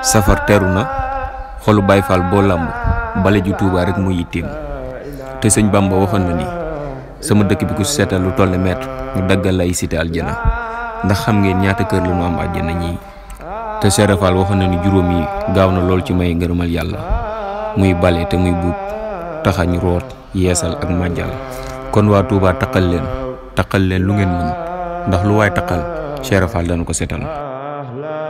safar teru na xolu Baay Faal boo làmb bale ju Tuubaa rek mu yitteem te sëñ Bamba waxoon na ni sama dëkk bi ku seetal lu toll mètre ñu daggal lay cité aljana ndax xam ngeen ñaata kër la ñu am aljana ñi te Serafal waxoon na ni juróom yi gaaw na loolu ci may ngërëmal yàlla muy bale te muy buub taxañ root yeesal ak màjjal kon waa tuuba taqal leen taqal leen lu ngeen mën ndax lu waay taqal Serafal dana ko seetal